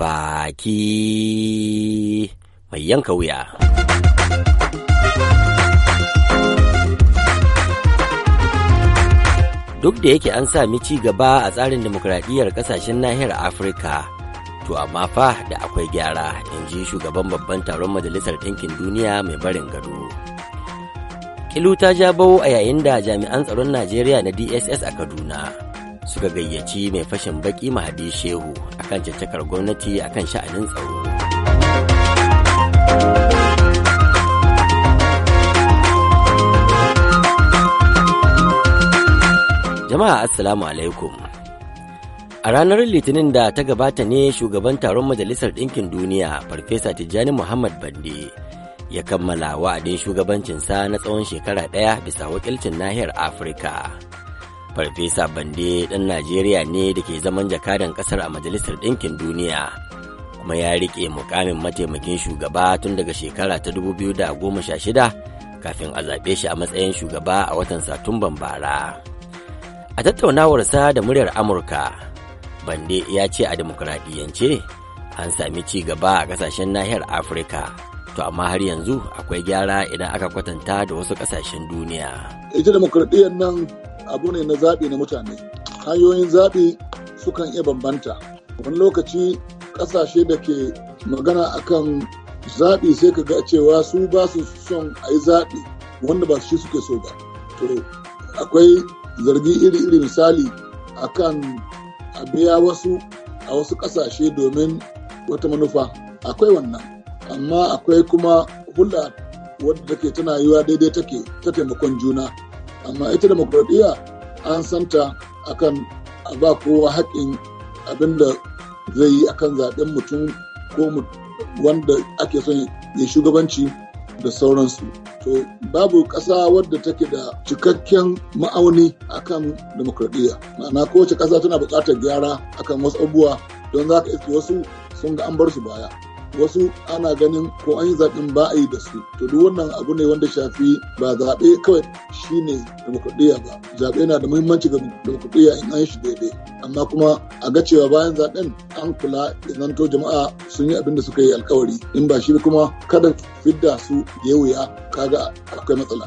baki mai yanka wuya. Duk da yake an sami ci gaba a tsarin demokuraɗiyyar ƙasashen nahiyar Afirka, to amma fa da akwai gyara, in ji shugaban babban taron Majalisar Ɗinkin Duniya mai barin gado. Kilu ta bau a yayin da jami'an tsaron Najeriya na DSS a Kaduna. suka gayyaci mai fashin baki mahadi shehu kan caccakar gwamnati kan sha'anin tsaro jama'a assalamu alaikum a ranar litinin da ta gabata ne shugaban taron majalisar ɗinkin duniya farfesa tijjani muhammad bande ya kammala wa'adin shugabancinsa na tsawon shekara ɗaya bisa wakilcin nahiyar afirka farfesa bande ɗan najeriya ne da ke zaman jakadan ƙasar a majalisar ɗinkin duniya kuma ya riƙe mukamin mataimakin shugaba tun daga shekara ta 2016 kafin a zaɓe shi a matsayin shugaba a watan satumban bara a tattaunawar sa da muryar amurka bande ya ce a demokuraɗiyyance an sami ci gaba a ƙasashen nahiyar afirka to amma har yanzu akwai gyara idan aka kwatanta da wasu ƙasashen duniya ita nan abu ne na zaɓi na mutane hanyoyin zaɓi sukan iya bambanta wani lokaci ƙasashe da ke magana akan zaɓi sai ka ga cewa su ba su son a yi zaɓi wanda ba shi suke so ba to akwai zargi iri-iri misali akan a biya wasu a wasu ƙasashe domin wata manufa akwai wannan amma akwai kuma hulɗa wadda take tana yiwa daidai take ta taimakon juna amma ita demokradiyya an santa akan a ba kowa haƙƙin abin da zai yi akan zaɓen mutum ko wanda ake son ya shugabanci da sauransu to babu ƙasa wadda take da cikakken ma'auni akan demokradiyya ma'ana kowace ƙasa tana buƙatar gyara akan wasu abubuwa don za ka iske wasu sun ga an bar su baya wasu ana ganin ko an yi zaɓen ba a yi da su to duk wannan abu ne wanda shafi ba zaɓe kawai shine demokradiyya ba zaɓe na da muhimmanci ga demokradiyya in an shi daidai amma kuma a ga cewa bayan zaɓen an kula da zanto jama'a sun yi abin da suka yi alkawari in ba shi kuma kada fidda su ya wuya kaga akwai matsala.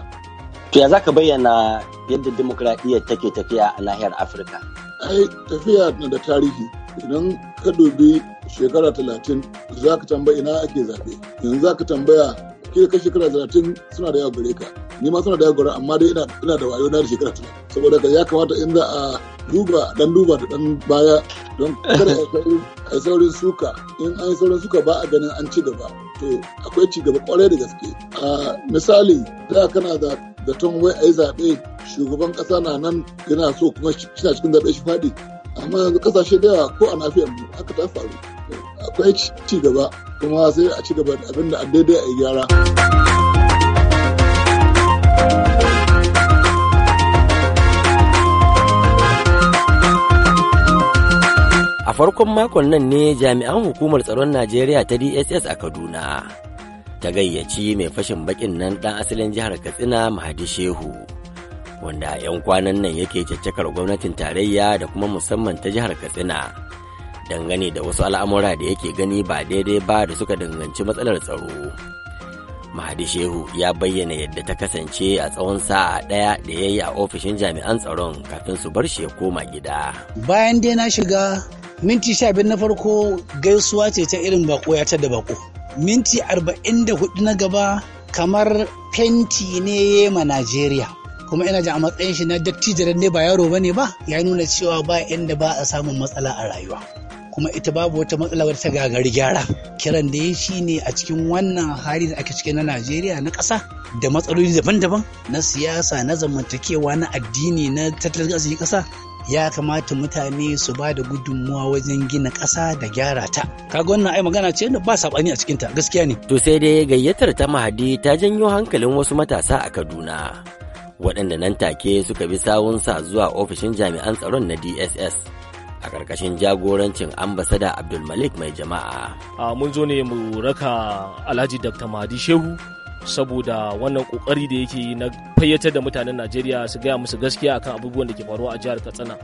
To ya za bayyana yadda demokradiyya take tafiya a nahiyar Afirka? Ai tafiya na da tarihi idan ka dubi shekara talatin za ka tambaya ina ake zaɓe yanzu za ka tambaya ke kai shekara talatin suna da yawa gare ka ni ma suna da yawa gare amma dai ina da wayo na da shekara talatin saboda ka ya kamata in za a duba dan duba da dan baya don kada a saurin suka in an yi saurin suka ba a ganin an ci gaba to akwai ci gaba kwarai da gaske a misali da kana da zaton wai a yi zaɓe shugaban ƙasa na nan yana so kuma shi cikin zaɓe shi faɗi amma yanzu kasashe da yawa ko a nafiyar mu aka ta faru akwai ci gaba kuma sai a ci gaba da abin da daidai a gyara. A farkon makon nan ne jami'an hukumar tsaron Najeriya ta DSS a Kaduna ta gayyaci mai fashin bakin nan ɗan asalin jihar Katsina Mahadi Shehu. wanda 'yan kwanan nan yake caccakar gwamnatin tarayya da kuma musamman ta jihar katsina dangane da wasu al'amura da yake gani ba daidai ba da suka danganci matsalar tsaro mahadi shehu ya bayyana yadda ta kasance a tsawon sa'a ɗaya da ya yi a ofishin jami'an tsaron kafin su bar shi ya koma gida bayan dai na shiga minti sha na farko gaisuwa ce ta irin bako ya ta da bako minti arba'in da hudu na gaba kamar fenti ne ma najeriya kuma ina jin a matsayin shi na dattijo ne ba yaro bane ba ya nuna cewa ba inda ba a samun matsala a rayuwa kuma ita babu wata matsala wadda ta gagari gyara kiran da ya shi ne a cikin wannan hali da ake ciki na najeriya na ƙasa da matsaloli daban-daban na siyasa na zamantakewa na addini na tattalin arziki ƙasa ya kamata mutane su ba da gudunmuwa wajen gina ƙasa da gyara ta. Kaga wannan ai magana ce da ba saɓani a cikinta gaskiya ne. To sai dai gayyatar ta mahadi ta janyo hankalin wasu matasa a Kaduna. waɗanda nan take suka bi sawunsa zuwa ofishin jami'an tsaron na dss a ƙarƙashin jagorancin ambasada abdulmalik mai jama'a mun zo ne mu raka alhaji dr Mahdi shehu saboda wannan kokari da yake na fayyatar da mutanen Najeriya su gaya musu gaskiya akan abubuwan da ke faruwa a jihar Katsina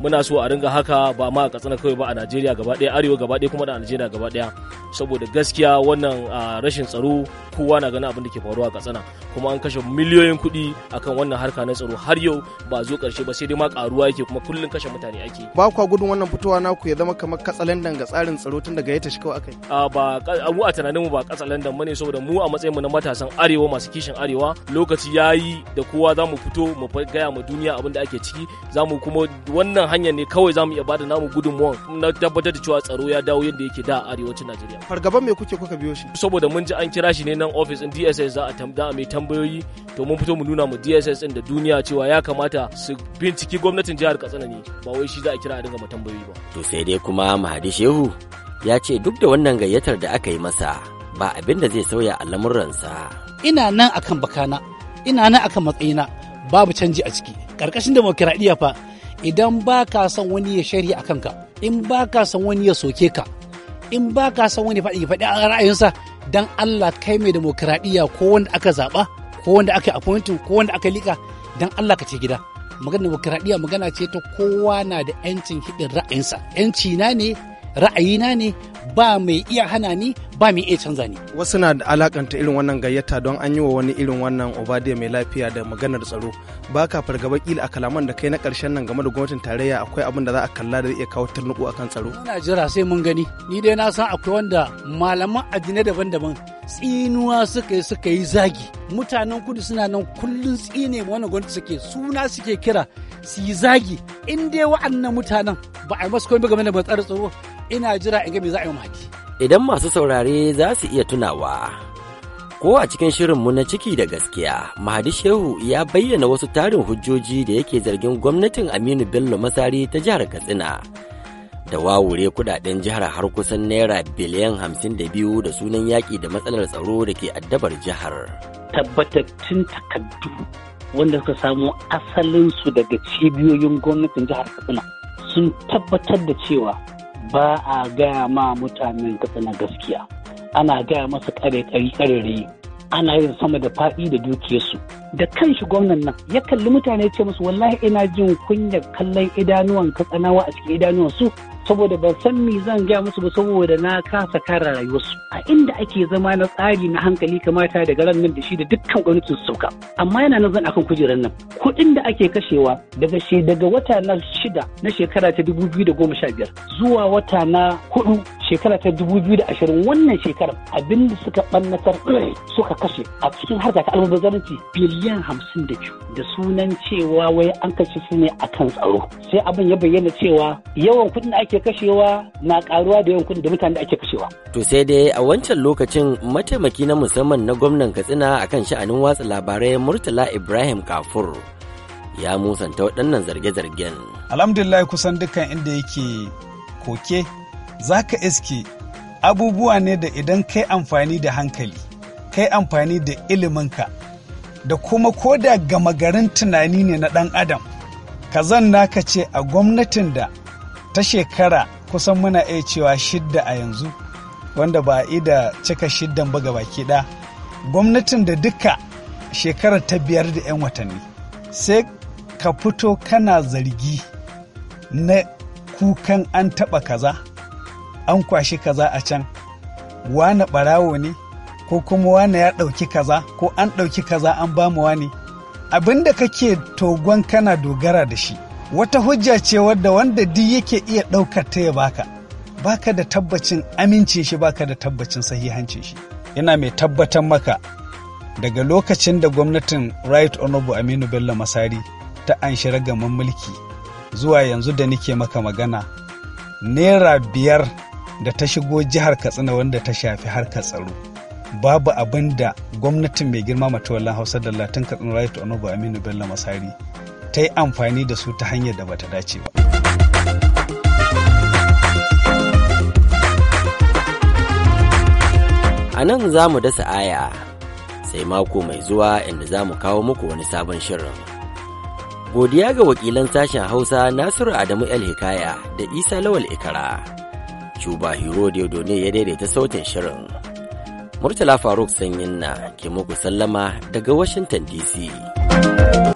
muna so a ringa haka ba ma a Katsina kawai ba a Najeriya gaba ɗaya arewa gaba ɗaya kuma da Najeriya gaba ɗaya saboda gaskiya wannan rashin tsaro kowa na ganin abin da ke faruwa a Katsina kuma an kashe miliyoyin kuɗi akan wannan harka na tsaro har yau ba zo ƙarshe ba sai dai ma ƙaruwa yake kuma kullum kashe mutane ake ba kwa gudun wannan fitowa na ku ya zama kamar katsalandan ga tsarin tsaro tun daga ya shi kawai akai a ba mu a tunaninmu ba katsalandan ne saboda mu a matsayinmu na matasa matasan arewa masu kishin arewa lokaci ya yi da kowa za mu fito mu gaya ma duniya abin da ake ciki za mu kuma wannan hanyar ne kawai za mu iya bada namu gudunmuwan na tabbatar da cewa tsaro ya dawo yadda yake da arewacin najeriya fargaban me kuke kuka biyo shi saboda mun ji an kira shi ne nan ofis din dss za a tambaya mai tambayoyi to mun fito mu nuna mu dss din da duniya cewa ya kamata su binciki gwamnatin jihar katsina ne ba wai shi za a kira a dinga mu tambayoyi ba to sai dai kuma mahadi shehu ya ce duk da wannan gayyatar da aka yi masa ba abin da zai sauya a lamuransa. Ina nan akan bakana, ina nan akan matsayina, babu canji a ciki. Ƙarƙashin demokiraɗiyya fa, idan ba ka son wani ya shari'a a kanka, in ba ka son wani ya soke ka, in ba ka son wani faɗi faɗi a ra'ayinsa, don Allah kai mai demokiraɗiyya ko wanda aka zaɓa, ko wanda aka appointing, ko wanda aka liƙa, don Allah ka ce gida. Magana demokiraɗiyya magana ce ta kowa na da 'yancin hidin ra'ayinsa. 'Yanci na ne ra'ayina ne ba mai iya hana ni ba mai iya canza ni. Wasu na da alakanta irin wannan gayyata don an yi wa wani irin wannan obade mai lafiya da maganar tsaro. Ba ka fargaba kila a kalaman da kai na karshen nan game da gwamnatin tarayya akwai abin da za a kalla da zai iya kawo turnuku akan tsaro. Ina jira sai mun gani. Ni dai na san akwai wanda malaman addinai daban-daban tsinuwa suka yi suka yi zagi. mutanen kudu suna nan kullun tsine wani gwamnati suke suna suke kira su yi zagi in dai wa'annan mutanen ba a masu komai game da matsar tsaro ina jira in ga me za a yi mahadi. Idan masu saurare za su iya tunawa ko a cikin shirin mu na ciki da gaskiya mahadi shehu ya bayyana wasu tarin hujjoji da yake zargin gwamnatin aminu bello masari ta jihar katsina ta wawure kudaden jihar har kusan naira biliyan hamsin da biyu da sunan yaƙi da matsalar tsaro da ke addabar jihar. Tabbatattun takardu wanda suka samo asalinsu daga cibiyoyin gwamnatin jihar Katsina sun tabbatar da cewa ba a gaya ma mutanen Katsina gaskiya. Ana gaya masa kare-kare kare ana yin sama da faɗi da dukiyarsu da kan gwamnan nan ya kalli mutane ce masu wallahi ina jin kunyar kallon idanuwan katsanawa a cikin idanuwan su saboda ban san me zan gaya musu ba saboda na kasa kara rayuwarsu a inda ake zama na tsari na hankali kamata daga ran nan da shi da dukkan gwamnatin sauka amma yana nan zan akan kujerar nan kuɗin da ake kashewa daga she daga wata na shida na shekara ta dubu biyu da goma sha biyar zuwa wata na hudu shekara ta dubu biyu da ashirin wannan shekarar abin da suka ɓannatar suka kashe a cikin harka ta almubazzaranci biliyan hamsin da biyu da sunan cewa wai an kashe su ne akan tsaro sai abin ya bayyana cewa yawan kuɗin da ake ake kashewa na karuwa da da mutane ake kashewa. To sai dai a wancan lokacin mataimaki na musamman na gwamnan Katsina akan sha'anin watsa labarai Murtala Ibrahim Kafur ya musanta waɗannan zarge-zargen. Alhamdulillah kusan dukkan inda yake koke za ka iske abubuwa ne da idan kai amfani da hankali, kai amfani da iliminka, da kuma koda gama garin tunani ne na ɗan adam, ka zan naka ce a gwamnatin da ta shekara kusan muna iya cewa shidda a yanzu wanda ba ida cika shiddan ba baki ɗaya gwamnatin da duka shekarar ta biyar da 'yan watanni sai ka fito kana zargi na kukan an taɓa kaza an kwashi kaza a can wane ɓarawo ne ko kuma wane ya ɗauki kaza ko an ɗauki kaza an ba mu wane abin da kake togon kana dogara da shi wata hujja ce wadda wanda duk yake iya ɗaukar ta ya baka baka da tabbacin amince shi baka da tabbacin sahihancin shi yana mai tabbatar maka daga lokacin da gwamnatin right honorable aminu bello masari ta anshi ragaman mulki zuwa yanzu da nike maka magana naira biyar da ta shigo jihar katsina wanda ta shafi harkar tsaro babu abin da gwamnatin mai girma matawallan hausa da latin katsina right honorable aminu bello masari ta yi amfani da su ta hanyar da bata dace ba. A nan za mu dasa aya sai mako mai zuwa inda za mu kawo muku wani sabon shirin. Godiya ga wakilan sashen Hausa Nasiru Adamu El Hikaya da Isa Lawal Ikara. Cuba Hero ne ya daidaita sautin shirin. Murtala Faruk Sanyin na ke muku sallama daga Washington DC.